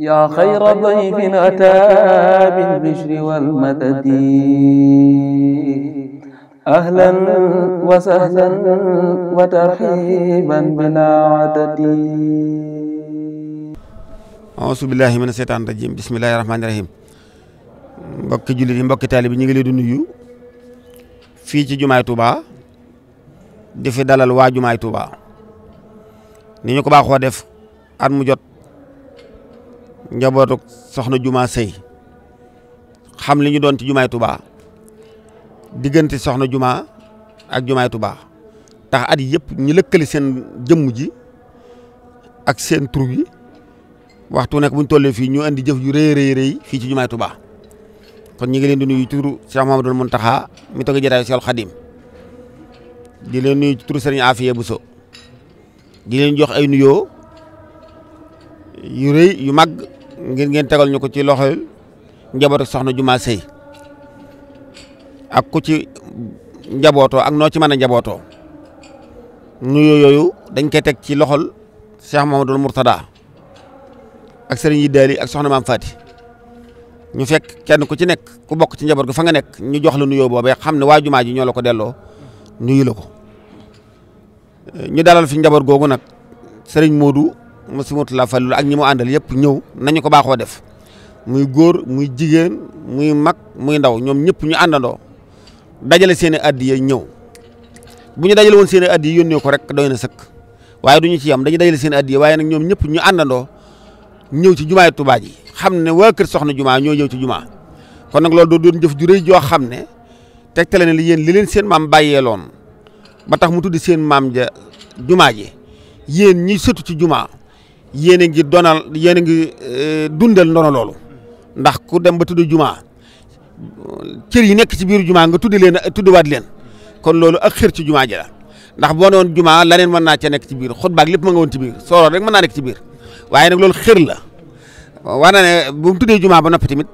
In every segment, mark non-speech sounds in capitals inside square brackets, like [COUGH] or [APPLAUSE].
yaa xayra dayfin ataa bil bishri wal madadi ahlan wa sahlan wa tarxiiban bilaa mina seytaani rajiim bismillaahi rahmaani rahiim mbokki jullit yi mbokki taalibe bi ñu ngi leen di nuyu fii ci jumaay Tuubaa di fi dalal waa jumaay Tuubaa ni ñu ko baaxoo def at mu jot. njabootu soxna jumaa Sey xam li ñu doon ci Jumaay Touba diggante soxna jumaa ak Jumaay Touba tax at yëpp ñu lëkkali seen jëmm ji ak seen tur yi waxtu nekk bu ñu tollee fii ñu andi jëf yu rëy rëy rëy fii ci Jumaay Touba kon ñu ngi leen di nuyu tur Cheikh Mamadou Mountakha mi toog jotaayu Cheikh di leen nuyu ci turu Serigne Afia Bousso di leen jox ay nuyoo. yu yu mag ngir ngeen tegal ñu ko ci loxo njabootu soxna jumaa sey ak ku ci njabootoo ak noo ci mën a njabootoo nuyoo yooyu dañ koy teg ci loxol Cheikh Mamadou Mourtada ak sëriñ yi daali ak soxna maam Fati ñu fekk kenn ku ci nekk ku bokk ci njaboot ga fa nga nekk ñu jox la nuyoo boobee xam ne waa jumaa ji ñoo la ko delloo nuyu la ko ñu dalal fi njaboot googu nag sëriñ Modou Moussa Moutalla Falloul ak ñi mu àndal yëpp ñëw nañu ko baaxoo def muy góor muy jigéen muy mag muy ndaw ñoom ñëpp ñu àndandoo dajale seen i ye ñëw bu ñu dajale woon seen i addiya yónnee ko rek doy na waaye du ñu ci yam dañu dajale seen i addiya waaye nag ñoom ñëpp ñu àndandoo ñëw ci jumaay Tuubaa ji xam ne waa kër soxna jumaa ñoo ñëw ci juma kon nag loolu doo doon jëf ju rëy joo xam ne tegtale ne li yéen li leen seen maam bàyyeeloon ba tax mu tuddi seen maam ja jumaa ji yéen ñi sëtu ci jumaa yéen a ngi donal yéen a ngi euh, dundal ndono loolu ndax ku dem ba tudd jumaa cër yi nekk ci biir jumaa nga tudd leen tuddiwaat leen kon loolu ak xër ci jumaa ji la ndax boo doon jumaa laneen mën naa cee nekk ci biir xutbaak lépp ma nga woon ci biir sooroon rek mën naa nekk ci biir waaye nag loolu xër la war na ne bu mu tuddee jumaa ba noppi tamit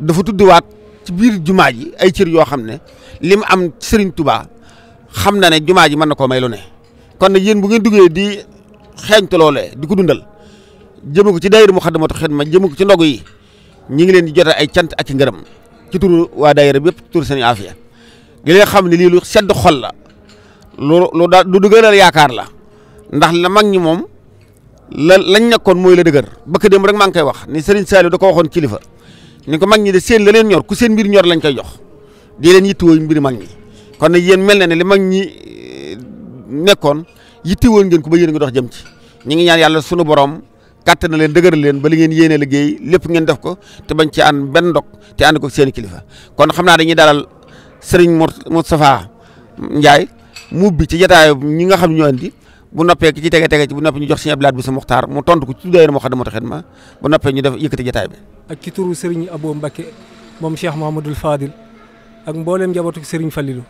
dafa tuddiwaat ci biir jumaa ji ay cër yoo xam ne li mu am Serigne Touba xam na ne jumaa ji mën na koo may ne kon nag yéen bu ngeen duggee di xeeñtu loolee di ko dundal jëme ko ci daayira Muxaddamatul Xidma jëme ko ci ndogu yi ñi ngi leen di jot ay cant ak i ngërëm ci turu waa daayira bi yëpp turu seen aafiya di leen xam ne lii lu sedd xol la lu lu daal lu dëgëral yaakaar la ndax la mag ñi moom la lañ mooy la dëgër bëkk dem rek maa ngi koy wax ni Serigne Saliou da ko waxoon kilifa ni ko mag ñi de seen leen ñor ku seen mbir ñor lañ koy jox di leen yittewoo mbir mag ñi kon nag yéen mel na ne li mag ñi eh, nekkoon yittewoo ngeen ko ba yéen a ngi dox jëm ci ñi ngi ñaan yàlla sunu borom kattana leen dëgëral leen ba li ngeen yéene liggéey lépp ngeen def ko te bañ ci ànd benn ndog te ànd ko seen kilifa kon xam naa dañuy dalal Serigne Moustapha njaay mu bi ci jotaayu ñi nga xam ñoo andi bu noppee ki ci tege tege ci bu noppee ñu jox Sëriñ Abdou Lahad Bousso Muxtaar mu tontu ko ci daayira Moukhaddamatoul Khidma bu noppee ñu def yëkkati jotaay bi. ak ci turu Serigne Abou Mbacké moom Cheikh Mouhamadoul Fadil ak mboolem njabootu Serigne Fallilou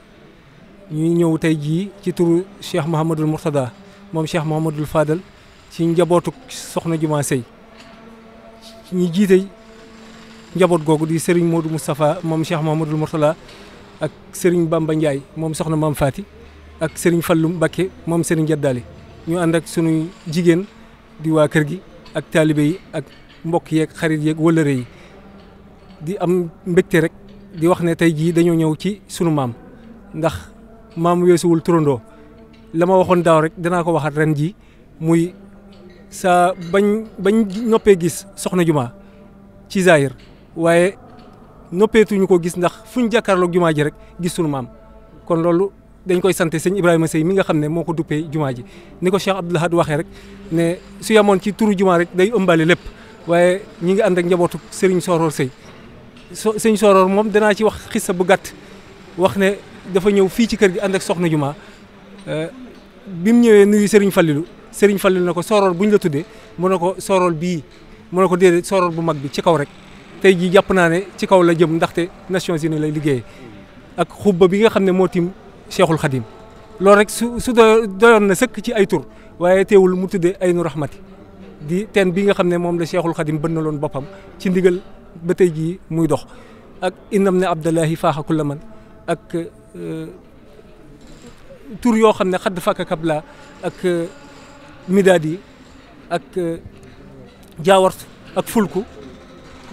ñëw tey jii ci turu Cheikh Mouhamadoul Mourtada moom Cheikh Mouhamadoul Fadal ci njabootu soxna Juma sey ñi jiite njaboot googu di Serigne Modou Moustapha moom Cheikh Mamadou Mourtala ak Serigne Bamba Ndiaye moom soxna Maam faati ak Serigne Fallou Mbacké moom Serigne Jaddali ñu ànd ak sunuy jigéen di waa kër gi ak taalibe yi ak mbokk yeeg xarit yeeg wëllëre yi di am mbégte rek di wax ne tey jii dañoo ñëw ci sunu maam ndax maam weesuwul turandoo la ma waxoon daaw rek danaa ko waxaat ren jii muy sa bañ bañ noppee gis soxna jumaa ci zahir waaye noppeetuñu ko gis ndax fuñ jàkkaarloog jumaa ji rek gis sunu maam kon loolu dañ koy sante sëñ Ibrahima Sey mi nga xam ne moo ko duppee jumaa ji ni ko Cheikh Abdoul Ahad waxee rek ne su yamoon ci turu jumaa rek day ëmbale lépp waaye ñi ngi ànd ak njabootu sëriñ Sooroor Sey so sëñ Sooroor moom danaa ci wax xissa bu gàtt wax ne dafa ñëw fii ci kër gi ànd ak soxna jumaa eh, bi mu ñëwee nuyu sëriñ Fallilu sëriñ Fallu na ko soorool bu ñu la tuddee mu ne ko soorool bii mu ne ko déedéet soorool bu mag bi ci kaw rek tey jii jàpp naa ne ci kaw la jëm ndaxte Nations Unies lay liggéeyee ak xubba bi nga xam ne moo tiim Cheikhul Khadim loolu rek su su doyoon na sëkk ci ay tur waaye teewul mu tuddee ay nu rahmati di teen bi nga xam ne moom la seexul xadim bën na loon boppam ci ndigal ba tey jii muy dox ak inam ne Abdallahi faaxakul la man ak euh, tur yoo xam ne xadd fakk kab midaad yi ak jaawartu euh, ak fulku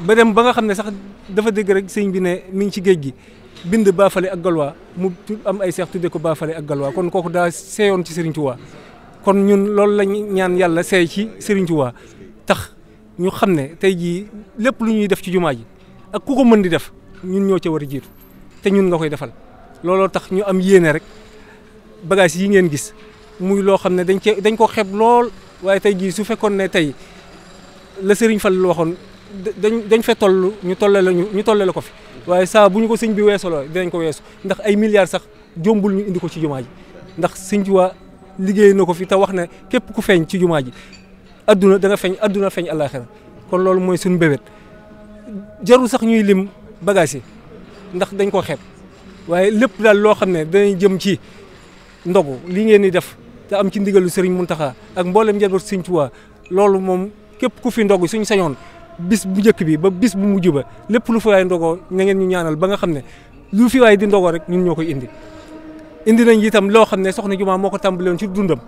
ba ba nga xam ne sax dafa dégg rek sëñ bi ne mi ngi ci géej gi bind baafale ak galwaa mu am ay seex tudde ko baafale ak galwaa kon kooku daa seeyoon ci Serigne Touba kon ñun loolu lañ ñaan yàlla seey ci Serigne Touba tax ñu xam ne tey jii lépp lu ñuy def ci jumaa ji ak ku ko mën di def ñun ñoo ca war a jiitu te ñun nga koy defal looloo tax ñu am yéene rek bagage yi ngeen gis muy loo xam ne dañ cee dañ ko xeb lool waaye tey jii su fekkoon ne tey la sëriñ Fallu waxoon dañ dañ fa toll ñu tolle la ñu tolle la ko fi waaye saa bu ñu ko sëñ bi weesoloo dinañ ko weesu ndax ay milliards sax jombul ñu indi ko ci jumaa ndax sëñ Tuubaa liggéey na ko fi te wax ne képp ku feeñ ci jumaa ji adduna da nga feeñ adduna feeñ àllaaxira kon loolu mooy suñu mbébét jarul sax ñuy lim bagage yi ndax dañ ko xeb waaye lépp daal loo xam ne danañ jëm ci ndogu li ngeen di def te am ci ndigalu Serigne Mountakha ak mboolem njaboot Serigne Touba loolu moom képp ku fi ndog suñu sañoon bis bu njëkk bi ba bis bu mujj ba lépp lu fi waay ndogoo na ngeen ñu ñaanal ba nga xam ne lu fi waay di ndogoo rek ñun ñoo koy indi. indi nañ itam loo xam ne soxna Jumaa moo ko tàmbale woon ci dundam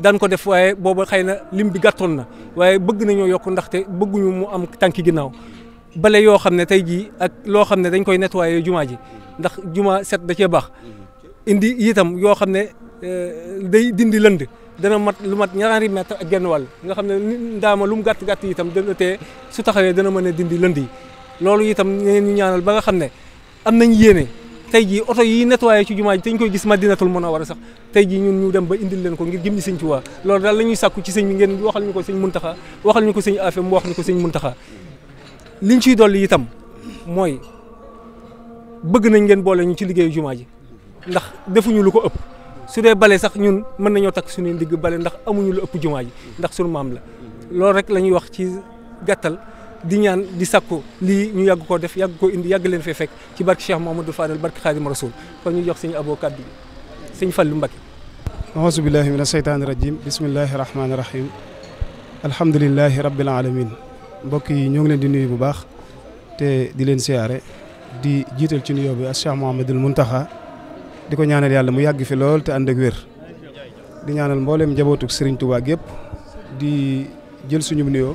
daan ko def waaye booba xëy na lim bi gàttoon na waaye bëgg nañoo yokk ndaxte bëgguñu mu am gi ginnaaw bale yoo xam ne tey ji ak loo xam ne dañ koy nettoyé jumaa ji da cee baax indi itam yoo xam ne Euh, day dindi lënd dana mat lu mat ñaari mètre ak genn wàll nga xam ne ndaama lu gàtt gàtt yi itam dana tee su taxawee dana mën a dindi lënd yi loolu itam ñeneen ñu ñaanal ba nga xam ne am nañ yéene tey jii oto yi nettoyé ci jumaa ji te ñu koy gis madinatul munawara sax tey jii ñun ñu dem ba indil leen ko ngir jëm ñi sëñ ci waa loolu daal la ñuy sàkku ci sëñ bi ngeen waxal ñu ko sëñ muntaxa waxal ñu ko sëñ affaire mu wax ñu ko sëñ muntaxa liñ ciy dolli itam mooy bëgg nañ ngeen boole ñu ci liggéeyu jumaa ji ndax defuñu lu ko ëpp su dee bale sax ñun mën nañoo takk suñuy ndigg bale ndax amuñu lu ëpp jumaa ndax suñu maam la loolu rek la ñuy wax ci gàttal di ñaan di sakku lii ñu yàgg koo def yàgg koo indi yàgg leen fee fekk ci barke Cheikh Mouhamadou Fadel barke Khadim Rasoul kon ñu jox suñu aboo kàddu gi suñu Fallu Mbakke aouzu billahi mina sheytaani rajim bismillahi rahmaani rahim alhamdulilahi rabbil alamin mbokk yi ñoo ngi leen di nuyu bu baax te di leen siyaare di jiital ci nuyoo bi ak Cheikh Mouhamadul Muntaxa di ko ñaanal yàlla mu yàgg fi lool te ànd ak wér di ñaanal mbooleem njabootuk Serigne Touba gépp di jël suñu nuyoo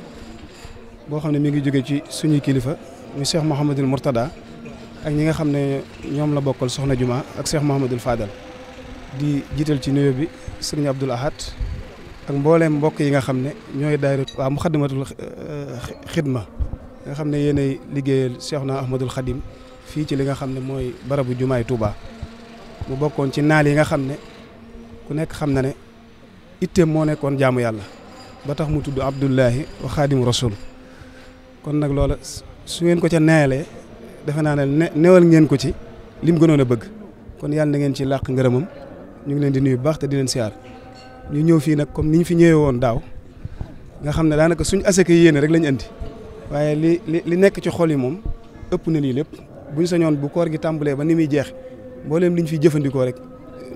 boo xam ne mi ngi jóge ci suñuy kilifa ñu Cheikh Mouhamadul Mourtada ak ñi nga xam ne ñoom la bokkal Soxna jumaa ak Cheikh Mouhamadul Fadal di jiital ci nuyoo bi Serigne Abdoul Ahad ak mbooleem mbokk yi nga xam ne ñooy daayira waa mu xaddamatul euh, xidma nga xam ne yéenay liggéeyal Cheikhna Ahmadul Khadim fii ci li nga xam ne mooy barabu jumaay Touba. mu bokkoon ci naal yi nga xam ne ku nekk xam na ne itteem moo nekkoon jaamu yàlla ba tax mu tudd Abdullahi wa xaadimu rasul kon nag loola su ngeen ko ca neelee defe naa ne newal ngeen ko ci lim gënoon a bëgg kon yàlla na ngeen ci làq ngërëmam ñu ngi leen di nuyu bu baax te di leen siyaar ñu ñëw fii nag comme ni fi ñëwee woon daaw nga xam ne daanaka suñ asaka yéene rek lañ andi waaye li li li nekk ci xol yi moom ëpp na lii lépp buñ sañoon bu koor gi tàmbalee ba ni muy jeex mbooleem liñ fi jëfandikoo rek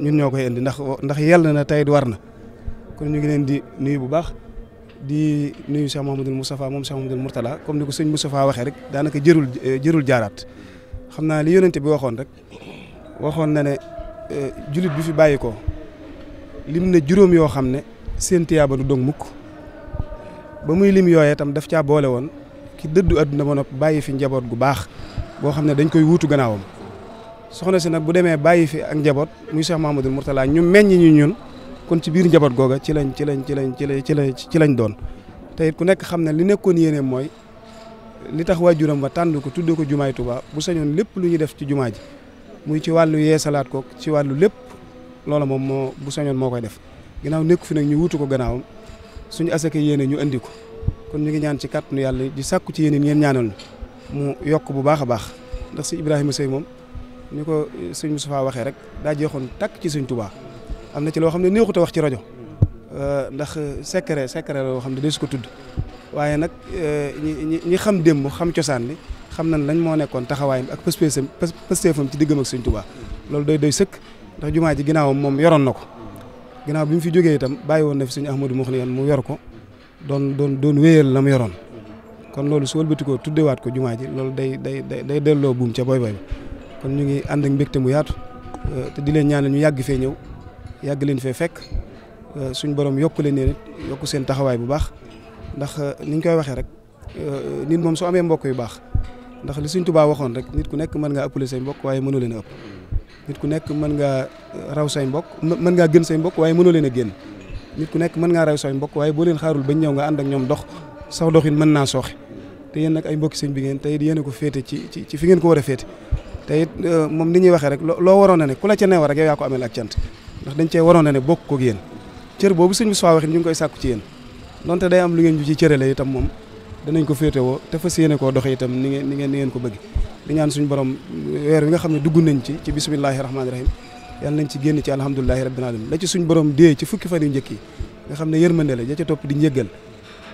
ñun ñoo koy indi ndax ndax yàlla na tey war na kon ñu ngi leen di nuyu bu baax di nuyu Cheikh Mouhamadul Moustapha moom Cheikh Mouhamadul Mourtala comme ni ko sëñ Moustapha waxee rek daanaka jërul jërul jaaraat xam naa li yonente bi waxoon rek waxoon na ne e, julit bi fi bàyyi ko lim na juróom yoo xam ne seen tiyaaba du dog mukk ba muy lim yooyee itam daf caa boole woon ki dëddu àdduna ba nopp bàyyi fi njaboot gu baax boo xam ne dañ koy wuutu gannaawam. soxna si nag bu demee bàyyi fi ak njaboot muy Cheikh Mahamadul Mourtala ñu meññ ñu ñun kon ci biir njaboot googa ci lañ ci lañ ci lañ ci lañ ci ci lañ doon tey ku nekk xam ne li nekkoon yéene mooy li tax waajuram ba tànn ko tuddee ko jumaay Tuubaa bu sañoon lépp lu ñu def ci jumaa ji muy ci wàllu yeesalaat ko ci wàllu lépp loolu moom moo bu sañoon moo koy def ginnaaw nekku fi nag ñu wutu ko gannaawam suñu asaka yéene ñu andi ko kon ñu ngi ñaan ci kàttanu yàlla di sàkku ci yéene ngeen ñaanal mu yokk bu baax a baax ndax si Ibrahima Seye moom ni ko suñ sëñ faa waxee rek daa jeexoon takk ci sëñ Touba am na ci loo xam ne neexut a wax ci rajo euh, ndax euh, secret secret loo xam ne desu ko tudd waaye nag euh, ñi ñi xam démb xam cosaan li xam nañ lañ moo nekkoon taxawaayam ak pëspeesam pësteefam ci diggam ak sëñ Touba loolu day doy sëkk ndax jumaa ji ginnaawam moom yoroon na ko ginnaaw bi mu fi jógee itam bàyyi woon na fi sëñ Ahmadou Moukhniyan mu yor ko doon doon doon wéyal la mu yoroon kon loolu su wëlbatikoo tuddewaat ko jumaa ji loolu day day day day delloo buum ca boy boy kon ñu ngi ànd ak mbégte mu yaatu euh, te di leen ñaanal ñu yàgg fee ñëw yàgg leen fee fekk euh, suñ borom yokk leen yéen yokk seen taxawaay bu baax ndax euh, ni ñu koy waxee rek nit moom su amee mbokk yu baax ndax li suñ tubaa waxoon rek nit ku nekk mën ngaa mbokk waaye mënoo leen a ku nekk mën ngaa raw say mbokk mën ngaa gën say mbokk waaye mënoo leen a génn nit ku nekk mën ngaa raw say mbokk waaye boo leen xaarul bañ ñëw nga ànd ak ñoom dox sax doxin mën naa sooxe te yéen nag ay mbokki sëñ bi ngeen tey yéen a ko féete ci ci fi ngeen ko war a te euh, moom ni ñuy waxee rek loo waroon a ne ku la ca neew a yow yaa ko ameel ak cant ndax dañ cee waroon ne bokk ko yéen cër boobu suñu Moustapha waxin ñu ngi koy am lu ngeen ju ci cërale itam moom danañ ko féetewoo te fas yéene koo doxee itam ni ngeen ni ngeen ni ngeen ko bëgg di ñaan suñu borom euh, weer wi nga xam ne dugg nañ ci ci bisimillahi rahmaani rahim yàlla nañ ci génn ci alhamdulilahi rabbil alamin la ci suñu borom dee ci fukki fan yu njëkk yi nga xam ne yërmande la ja topp di njëggal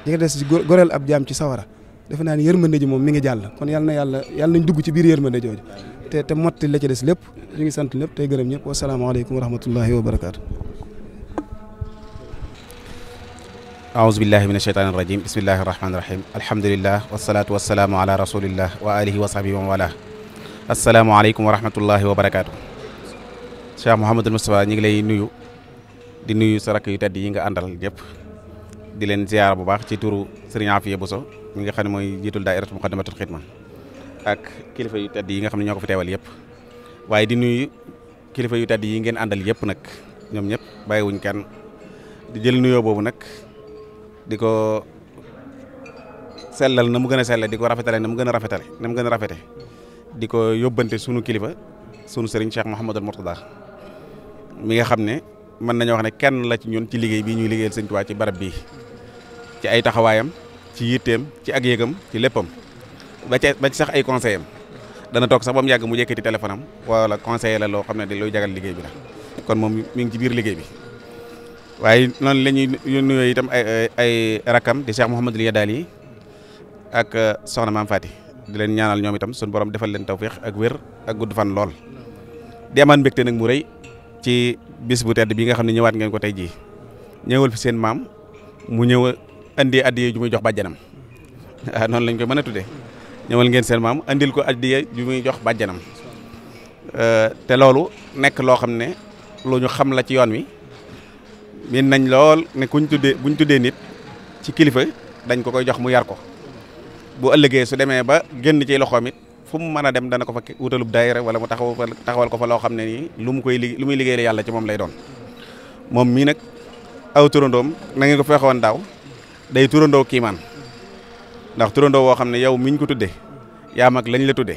ja ca des ci goreel ab jaam ci sawara defe naa ni yërmande ji moom mi ngi jàll kon yàlla na yàlla yàlla nañ dugg ci biir yërmande jooju te te motti la ci des lépp ñu ngi sant lépp tey gërëm ñëpp wasalaamaaleykum wa rahmatullahi wa barakaatu. aouzu billahi min asheytaani rajim bismillahi rahmaani rahim alhamdulilah wasalaatu wasalaamu ala rasulillah wa alihi wa sahbihi wa wala asalaamaaleykum wa rahmatullahi wa barakaatu. Cheikh Mouhamadul Moustapha ñu ngi lay nuyu di nuyu sa rakk yu tedd yi nga àndal di leen ziyaara bu baax ci turu Serigne Afia Bousso mi xam ne mooy jiitul daayiratu Muqaddamatul Xidma ak kilifa yu tedd yi nga xam ne ñoo ko fi teewal waaye di nuyu kilifa yu tedd yi ngeen àndal yëpp nag ñoom ñëpp bàyyiwuñ kenn di jël nuyoo boobu nag di ko sellal na mu gën a sellal di ko rafetale na mu gën a rafetale na mu rafete di ko yóbbante sunu kilifa sunu sëriñ Cheikh Mouhamadul Mourtada mi nga xam ne mën nañoo wax ne kenn la ci ñun ci liggéey bii ñuy liggéeyal sëñ Tuubaa ci barab bii ci ay taxawaayam ci yitteem ci ak yëgam ci léppam ba ci ba sax ay conseil am dana toog sax ba mu yàgg mu yëkkati téléphone am wala conseiller la loo xam ne di looy jagal liggéey bi la kon moom mi ngi ci biir liggéey bi waaye noonu la ñuy nuyoo itam ay ay rakam di Cheikh Mouhamadul Yadaal yi ak euh, soxna maam Fati leen ñaanal ñoom itam suñu borom defal leen tawféex ak wér ak gudd fan lool di amaan mbégte nag mu rëy ci bis bu tedd bi nga xam ne ñëwaat ngeen ko tey jii ñëwal fi seen maam mu ñëw indi addiya ju muy jox bajjanam waaw [LAUGHS] ah, noonu lañ koy mën a tuddee ñëwal ngeen seen maam andil ko addiya ju muy jox bàjjanam euh, te loolu nekk loo xam ne lu ñu xam la ci yoon wi miin nañ lool ne kuñ tuddee buñ tuddee nit ci kilifa dañ ko koy jox mu yar ko bu ëllëgee su demee ba génn ci loxoom it fu mu mën a dem dana ko fa wutalub daayira wala mu taxaw taxawal ko fa loo xam ne nii lu mu koy li lu muy liggéeyal yàlla ci moom lay doon moom mii nag aw turandoom na ngeen ko fexewoon daaw day turandoo kiimaan ndax turandoo woo xam ne yow miñ ko tudde yaa mag lañ la tudde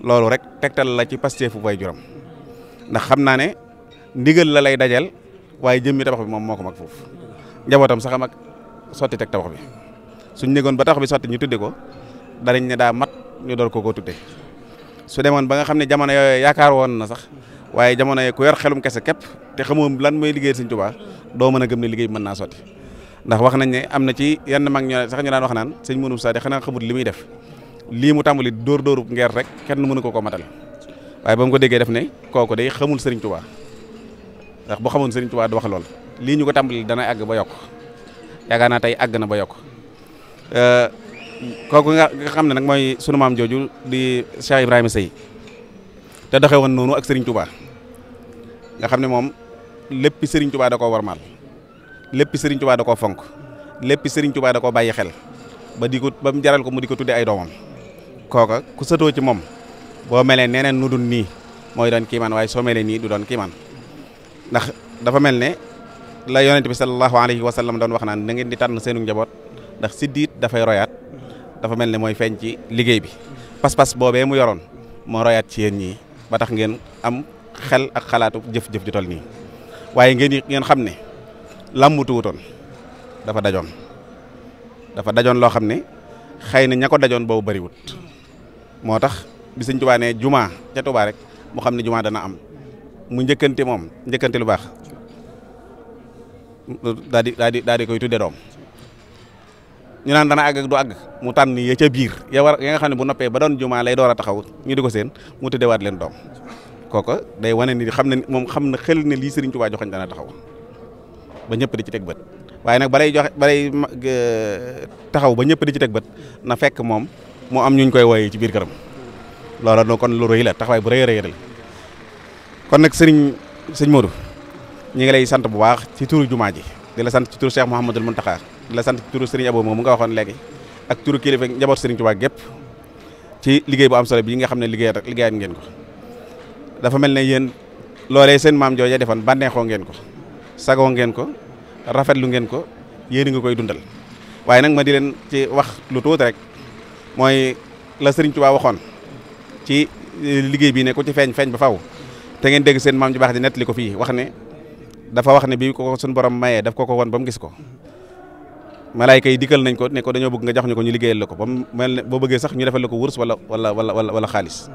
loolu rek tegtal la ci pasteefu way juram ndax xam naa ne ndigal la lay dajal waaye jëmmi tabax bi moom moo ko mag foofu njabootam sax a mag sotti tek tabax bi suñ négoon ba tabax bi sotti ñu tudde ko danañ ne daa mat ñu door ko koo tudde su demoon ba nga xam ne jamono yooyu yaakaar woon na sax waaye jamono yooyu ku yor xelum kese képp te xamoo lan mooy liggéey Sëñ Tuubaa doo mën a gëm liggéey mën naa sotti ndax wax nañ ne am na ci yenn mag ñu sax ñu daan wax naan sëñ Mourou Moussa de xanaa xamut li muy def lii mu tàmbali dóor dóorub ngeer rek kenn mënu ko ko matal waaye ba mu ko déggee def ne kooku day xamul sëriñ Touba ndax boo xamoon sëriñ Touba du lool lii ñu ko tàmbali dana àgg ba naa tey àgg na ba yokk euh, kooku nga xam ne nag mooy sunu maam jooju di Cheikh Ibrahima Seye te doxee woon noonu ak sëriñ nga xam ne moom lépp sëriñ Touba da koo warmaal lépp Serigne Touba da koo fonk lépp Serigne Touba da koo bàyyi xel ba di ko ba mu jaral ko mu di ko tuddee ay doomam kooka ku sëtoo ci moom boo melee neneen nu dul nii mooy doon kiimaan waaye soo melee nii du doon kiimaan ndax dafa mel ne la yonent bi sallallahu alayhi wa sallam doon wax naan da ngeen di tànn seenu njaboot ndax siddiit dafay royaat dafa mel ne mooy feeñ ci liggéey bi pas-pas boobee mu yoroon moo royaat ci yéen ñii ba tax ngeen am xel a xalaatu jëf-jëf ju toll waaye ngeen xam ne làmbutu wutoon dafa dajoon dafa dajoon loo xam ne xëy na ña dajoon boobu bëriwut moo tax bi sëñ Tuubaa jumaa ca Tuubaa rek mu xam ne jumaa dana am mu njëkkante moom njëkkante lu baax daa di daa daa di koy tudde doom ñu naan dana àgg ak du àgg mu tànn ya ca biir ya war ya nga xam ne bu noppee ba doon jumaa lay door a taxaw ñu di ko seen mu tuddewaat leen doom kooka day wane ni xam ne moom xam na xel ne lii Sëriñ Tuubaa joxoñ dana taxaw ba ñëpp di ci teg bët waaye nag balay joxe balay taxaw ba ñëpp di ci teg bët na fekk moom mu am ñu koy wooyee ci biir këram loola no kon lu rëy la taxawaay bu rëy rëy la kon nag sëriñ sëñ Modou ñu ngi lay sant bu baax ci turu jumaa ji di la sant ci turu Cheikh Mouhamadul Mountakha di la sant ci turu sëriñ Abou mu nga waxoon léegi ak turu kilifa njaboot sëriñ Tuubaa gépp ci liggéey bu am solo bi nga xam ne liggéey liggéeyaan ngeen ko dafa mel ne yéen loolee seen maam jooja defoon bànneexoo ngeen ko sagoo ngeen ko rafetlu ngeen ko yéen nga koy dundal waaye nag ma di leen ci wax lu tuuti rek mooy la Sëriñ Tuubaa waxoon ci eh, liggéey bi ne ku ci feeñ feeñ ba faw te ngeen dégg seen maam ji baax di nettali ko fii wax ne dafa wax ne bi ko suñu borom mayee daf ko ko woon ba mu gis ko malaayka yi dikkal nañ ko nekk ko dañoo bëgg nga jox ñu ko ñu liggéeyal la ko ba ne boo bëggee sax ñu defal la ko wurus wala wala wala wala xaalis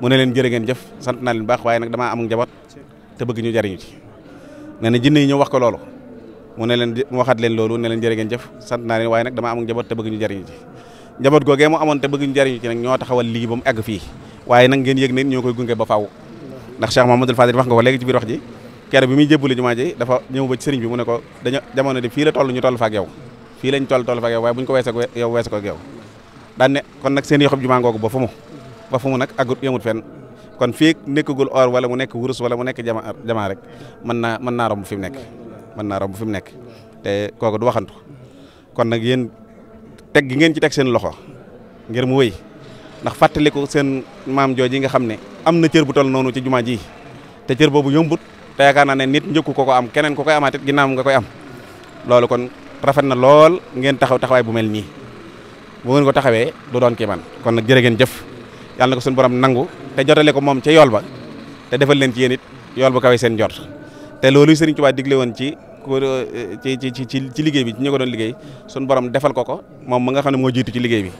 mu ne leen jërë ngeen jëf sant naa leen baax waaye nag damaa am njaboot te bëgg ñu jariñu ci nee na jinne yi ñëw wax ko loolu mu ne leen mu waxaat leen loolu ne leen jërë ngeen jëf sant naa leen dama am njaboot te bëgg ñu jariñu googee mu amoon te bëgg ñu ñoo taxawal lii ba mu egg fii waaye nag ngeen yëg ne koy gunge ba faaw ndax Cheikh Mamadou Fadil wax nga ko léegi ci biir wax ji kere bi muy jébbale jumaa dafa ñëw ba sëriñ bi mu ne ko jamono de fii la toll ñu toll fa ak yow fii lañ toll toll fa ak yow waaye bu ñu ko weesoo ak yow ko ak yow kon nag kon fii nekkagul or wala mu nekk wurus wala mu nekk jama jamaa rek mën naa mën naa romb fi mu nekk mën naa romb fi mu nekk te kooku du waxantu kon nag yéen teg gi ngeen ci teg seen loxo ngir mu woy ndax fàttaliku seen maam jooji nga xam ne am na cër bu toll noonu ci jumaa ji te cër boobu yombut te yaakaar ne nit njëkku ko ko am keneen ku koy amaat it ginnaaw nga koy am loolu kon rafet na lool ngeen taxaw taxawaay bu mel nii bu ngeen ko taxawee du doon kii man kon nag jërë ngeen jëf yàlla na ko suñu borom nangu te jotale ko moom ca yool ba te defal leen ci yéen it yool ba kawe seen jot te loolu Serigne Touba digle woon ci euh, ci ci ci liggéey bi ci ñu ko doon liggéey sunu borom defal ko ko moom mu nga xam ne moo jiitu ci liggéey bi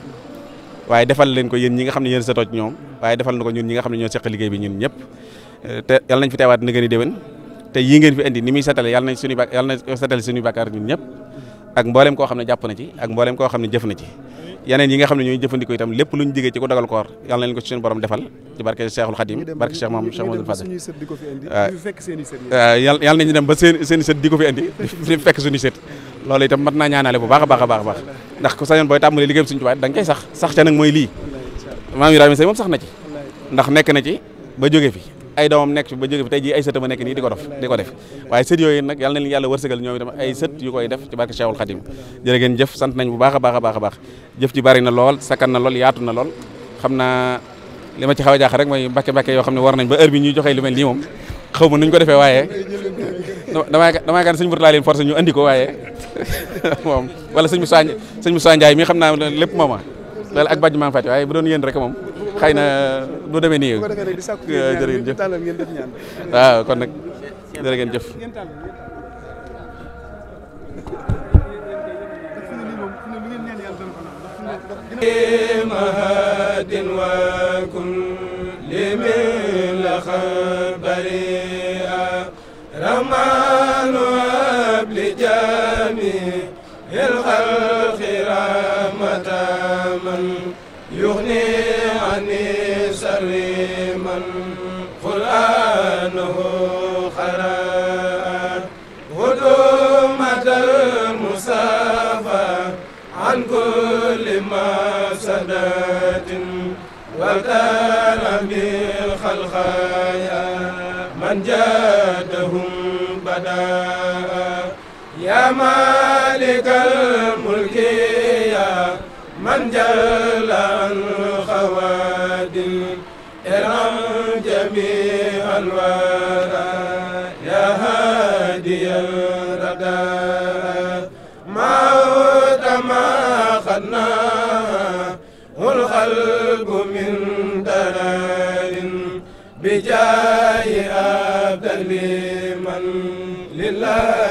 waaye defal leen ko yéen ñi nga xam ne yéen sa toj ñoom waaye defal ko ñun ñi nga xam ne ñoo liggéey bi ñun ñëpp euh, te yàlla nañ fi teewaat na gën a déwén te yii ngeen fi indi ni muy setale yàlla nañ suñu yàlla nañ setale suñu bàkkaar ñun ñëpp ak mboolem koo xam ne jàpp na ci ak mboolem koo xam ne jëf na ci yeneen yi nga xam ne ñooy jëfandikoo itam lépp lu ñu digee ci ko dagal koor yàlla nañ ko ci seen defal barke Cheikhul Khadim barke Cheikh sët di ko fi indi euh, fekk euh, [LAUGHS] [LAUGHS] suñu sët loolu itam mat naa ñaanale bu baax a baax a baax ndax ku sañoon booy tàmbalee liggéeyam suñu tubaab da nga sax sax ca nag mooy lii maam Ibrahima Seye moom sax na ci ndax nekk na ci ba jóge fi ay doomam nekk ba jóge tey jii ay sëtam a nekk nii di ko def di ko def waaye sët yooyu nag yàlla na leen ay sët yu koy def ci barke Cheikhul Khadim jërë jëf sant nañ bu baax a baax a baax a baax jëf ci bari na lool sakkan na lool xam naa li ma ci xaw a jaax rek mooy mbàkke mbàkke yoo xam ne war nañ ba heure bi ñuy joxee lu mel nii moom xaw ma nuñ ko defee waaye damaa damaa gaan sëñ Mourtala leen forcé ñu andi ko waaye [LAUGHS] moom wala sëñ Moussa sëñ Moussa Ndiaye mi xam naa lépp mooma loolu ak bàjj maa ngi fàtte waaye bu doon yéen rek moom xëy na du demee nii. jërëjëf waaw kon nag jërë ngeen jëf. مهد وكن لمن لخبر رمان وابل جميع الخلق رحمه ani sharri man qur'anuhu xaraat hudumatal musafa an kulli mafsadatin wa taramil xalxaya man jadahum badaa ya malikal mulki ya man jalla جميع الورى يا هادي الردى موت ما خدنا والقلب من دلال بجاه أبدا لمن لله